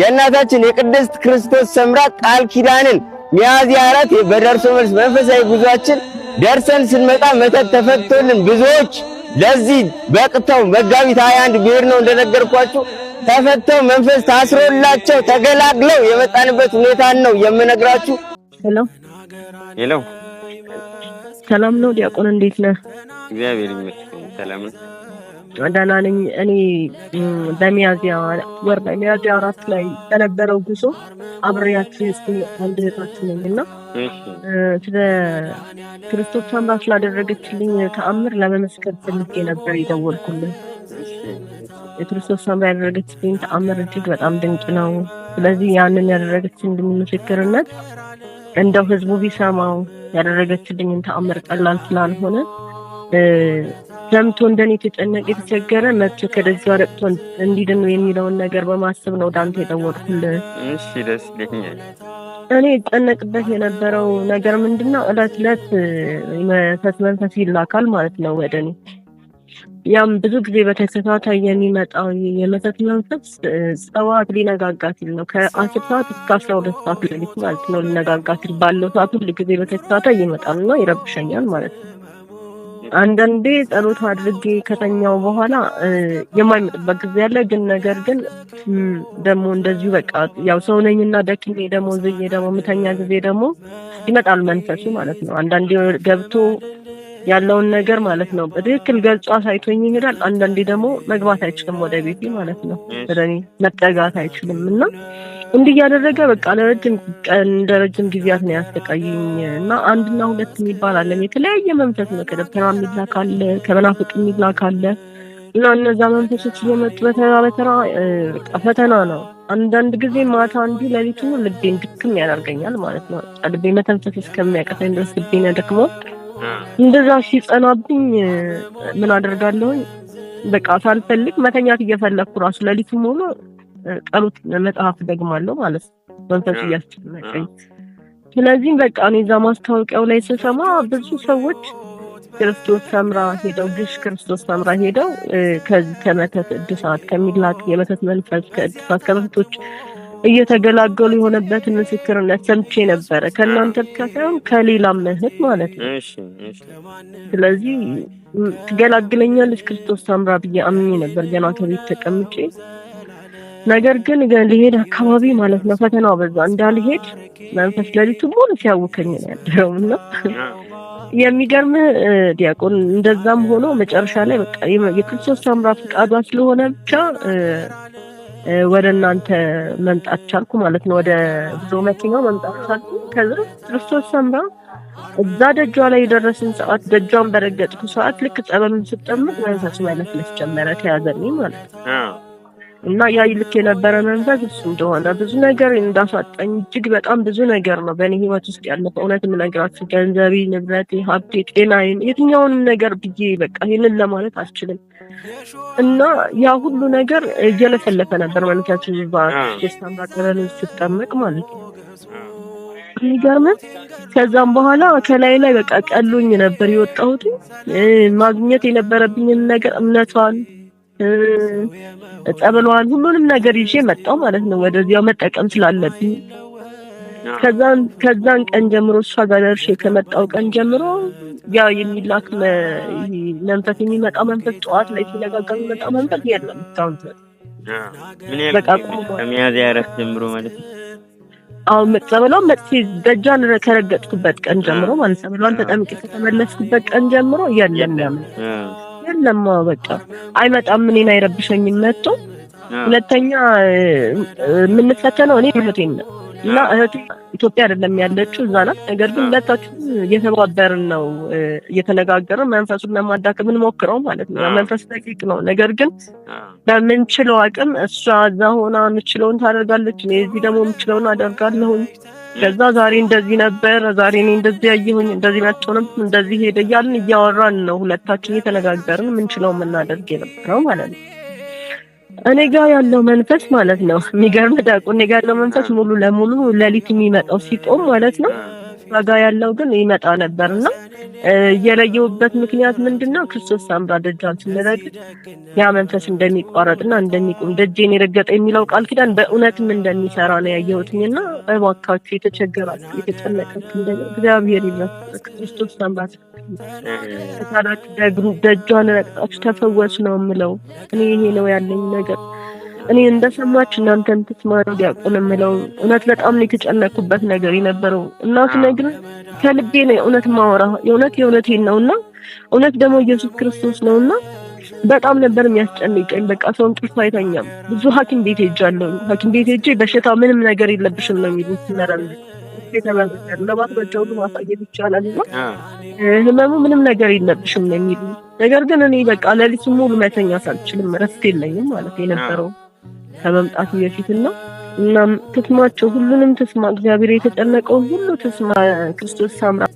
የእናታችን የቅድስት ክርስቶስ ሰምራ ቃል ኪዳንን ሚያዝያ አራት በደርሶ መልስ መንፈሳዊ ጉዟችን ደርሰን ስንመጣ መተት ተፈቶልን ብዙዎች ለዚህ በቅተው መጋቢት 21 ብሔር ነው እንደነገርኳችሁ ተፈተው መንፈስ ታስሮላቸው ተገላግለው የመጣንበት ሁኔታ ነው የምነግራችሁ። ሄሎ ሄሎ፣ ሰላም ነው ዲያቆን፣ እንዴት ነህ? እግዚአብሔር ይመስገን ሰላም ነው። ደህና ነኝ። እኔ በሚያዚያ ወር በሚያዚያ አራት ላይ በነበረው ጉዞ አብሬያችሁ ስ አንድ እህታችሁ ነኝ እና ስለ ክርስቶስ አምባ ስላደረገችልኝ ተአምር ለመመስከር ፈልጌ ነበር የደወልኩልን። የክርስቶስ አምራ ያደረገችልኝ ተአምር እጅግ በጣም ድንቅ ነው። ስለዚህ ያንን ያደረገችልኝ ምስክርነት እንደው ህዝቡ ቢሰማው ያደረገችልኝን ተአምር ቀላል ስላልሆነ ሰምቶ እንደኔ የተጨነቀ የተቸገረ መጥቶ ከደዚያ ረቅቶ እንዲድን ነው የሚለውን ነገር በማሰብ ነው ዳንተ የጠወቅኩልህ። እሺ ደስ ይለኛል። እኔ የተጨነቅበት የነበረው ነገር ምንድን ነው? እለት እለት መፈስ መንፈስ ይላካል ማለት ነው ወደ እኔ። ያም ብዙ ጊዜ በተከታታይ የሚመጣው የመተት መንፈስ ጸዋት ሊነጋጋ ሲል ነው ከአስር ሰዓት እስከ አስራ ሁለት ሰዓት ሌሊት ማለት ነው። ሊነጋጋ ሲል ባለው ሰዓት ሁል ጊዜ በተከታታይ ይመጣል እና ይረብሸኛል ማለት ነው። አንዳንዴ ጸሎት አድርጌ ከተኛው በኋላ የማይመጥበት ጊዜ ያለ ግን ነገር ግን ደግሞ እንደዚሁ በቃ ያው ሰው ነኝና ደክሜ ደግሞ ዝዬ ደግሞ ምተኛ ጊዜ ደግሞ ይመጣል መንፈሱ ማለት ነው። አንዳንዴ ገብቶ ያለውን ነገር ማለት ነው በትክክል ገልጾ አሳይቶኝ ይሄዳል። አንዳንዴ ደግሞ መግባት አይችልም ወደ ቤት ማለት ነው። ወደ እኔ መጠጋት አይችልም እና እንዲህ እያደረገ በቃ ለረጅም ቀን ለረጅም ጊዜያት ነው ያስተቃይኝ እና አንድና ሁለት የሚባል አለን። የተለያየ መንፈስ መቀደብ ከደብተራ የሚላክ አለ፣ ከመናፍቅ የሚላክ አለ። እና እነዛ መንፈሶች እየመጡ በተራ በተራ ፈተና ነው። አንዳንድ ጊዜ ማታ እንዲ ለሊቱ ልቤን ድክም ያደርገኛል ማለት ነው። ልቤ መተንፈስ እስከሚያቀፈኝ ድረስ ልቤን ያደክመው እንደዛ ሲጸናብኝ ምን አደርጋለሁኝ በቃ ሳልፈልግ መተኛት እየፈለግኩ ራሱ ለሊቱ ሆኖ ጸሎት መጽሐፍ ደግማለሁ ማለት ነው። መንፈስ እያስጨነቀኝ ስለዚህም በቃ እኔ እዛ ማስታወቂያው ላይ ስሰማ ብዙ ሰዎች ክርስቶስ ሰምራ ሄደው ግሽ ክርስቶስ ሰምራ ሄደው ከዚህ ከመተት እድሳት ከሚላቅ የመተት መንፈስ ከእድሳት ከመተቶች እየተገላገሉ የሆነበትን ምስክርነት ሰምቼ ነበረ። ከእናንተ ብቻ ሳይሆን ከሌላም ማለት ነው። ስለዚህ ትገላግለኛለች ክርስቶስ ታምራ ብዬ አምኜ ነበር ገና ከቤት ተቀምጬ። ነገር ግን ሊሄድ አካባቢ ማለት ነው ፈተናው በዛ እንዳልሄድ መንፈስ ለሊቱ ሙሉ ሲያውከኝ ነው ያደረው እና ዲያቆን እንደዛም ሆኖ መጨረሻ ላይ በቃ የክርስቶስ ታምራ ፍቃዷ ስለሆነ ብቻ ወደ እናንተ መምጣት ቻልኩ ማለት ነው። ወደ ብዙ መኪናው መምጣት ቻልኩ። ከዛ ክርስቶስ ሰምራ እዛ ደጇ ላይ የደረስን ሰዓት ደጇን በረገጥኩ ሰዓት ልክ ጸበሉን ስጠምቅ መንፈሱ መለስለስ ጀመረ፣ ተያዘኝ ማለት ነው። እና ያ ይልክ የነበረ መንፈስ እሱ እንደሆነ ብዙ ነገር እንዳሳጣኝ እጅግ በጣም ብዙ ነገር ነው በእኔ ህይወት ውስጥ ያለ እውነት የምነግራችሁ። ገንዘቤ፣ ንብረት፣ ሀብቴ፣ ጤናዬን የትኛውንም ነገር ብዬ በቃ ይህንን ለማለት አልችልም። እና ያ ሁሉ ነገር እየለፈለፈ ነበር መንፈሳችን ባስታንባቀረን ስጠመቅ ማለት ነው። የሚገርምም ከዛም በኋላ ከላይ ላይ በቃ ቀሎኝ ነበር የወጣሁት ማግኘት የነበረብኝን ነገር እምነቷን ጸበሏን ሁሉንም ነገር ይዤ መጣው ማለት ነው። ወደዚያው መጠቀም ስላለብኝ ከዛን ከዛን ቀን ጀምሮ እሷ ጋር ደርሼ ከመጣው ቀን ጀምሮ ያው የሚላክ መንፈስ የሚመጣ መንፈስ ጠዋት ላይ ሲለጋጋ የሚመጣ መንፈስ የለም እስካሁን ድረስ በቃ ከሚያዝያ እረፍት ጀምሮ ማለት ነው። አሁን ጸበሏን መጥቼ ደጃን ከረገጥኩበት ቀን ጀምሮ ማለት ጸበሏን ተጠምቄ ከተመለስኩበት ቀን ጀምሮ የለም ያምን የለም በቃ አይመጣም፣ እኔን አይረብሸኝም መጥቶ። ሁለተኛ የምንፈተነው እኔ ህይወቴን ነው እና እህቱ ኢትዮጵያ አይደለም ያለችው እዛ ናት። ነገር ግን ሁለታችን እየተባበርን ነው እየተነጋገርን መንፈሱን ለማዳቅ የምንሞክረው ማለት ነው። መንፈስ ደቂቅ ነው። ነገር ግን በምንችለው አቅም እሷ እዛ ሆና የምችለውን ታደርጋለች፣ እኔ እዚህ ደግሞ የምችለውን አደርጋለሁኝ። ከዛ ዛሬ እንደዚህ ነበር፣ ዛሬ እኔ እንደዚህ ያየሁኝ፣ እንደዚህ ናቸውንም እንደዚህ ሄደ እያልን እያወራን ነው ሁለታችን እየተነጋገርን ምንችለው የምናደርግ የነበረው ማለት ነው። እኔ ጋር ያለው መንፈስ ማለት ነው የሚገርም ዳቁ እኔ ጋር ያለው መንፈስ ሙሉ ለሙሉ ሌሊት የሚመጣው ሲቆም ማለት ነው ከእሷ ጋር ያለው ግን ይመጣ ነበር እና የለየውበት ምክንያት ምንድን ነው? ክርስቶስ አምራ ደጃን ስንረግጥ ያ መንፈስ እንደሚቋረጥና እንደሚቆም ደጄን የረገጠ የሚለው ቃል ኪዳን በእውነትም እንደሚሰራ ነው ያየሁትኝ። ያየሁትኝና እባካችሁ የተቸገራችሁ የተጨነቃችሁ እግዚአብሔር ይመስገን ክርስቶስ አምራ ተሳዳችሁ ደጇን ረግጣችሁ ተፈወሱ ነው የምለው። እኔ ይሄ ነው ያለኝ ነገር። እኔ እንደሰማች እናንተን ትስማሩ ዲያቆን የምለው እውነት በጣም ነው የተጨነኩበት ነገር የነበረው እና ስነግርህ ከልቤ ነው የእውነት ማወራ የእውነት የእውነቴን ነው እና እውነት ደግሞ ኢየሱስ ክርስቶስ ነው እና በጣም ነበር የሚያስጨንቀኝ። በቃ ሰው እንቅልፍ አይተኛም። ብዙ ሐኪም ቤት ሄጃለሁ። ሐኪም ቤት ሄጄ በሽታ ምንም ነገር የለብሽም ነው የሚሉት ይመራል የተመረቀ ለማስረጃ ሁሉ ማሳየት ይቻላል እና ህመሙ ምንም ነገር የለብሽም ነው የሚሉት። ነገር ግን እኔ በቃ ሌሊቱን ሙሉ መተኛት አልችልም። ረፍት የለኝም ማለት የነበረው ከመምጣቱ በፊትና እናም ትስማቸው፣ ሁሉንም ትስማ፣ እግዚአብሔር የተጨነቀውን ሁሉ ትስማ። ክርስቶስ ሳምራ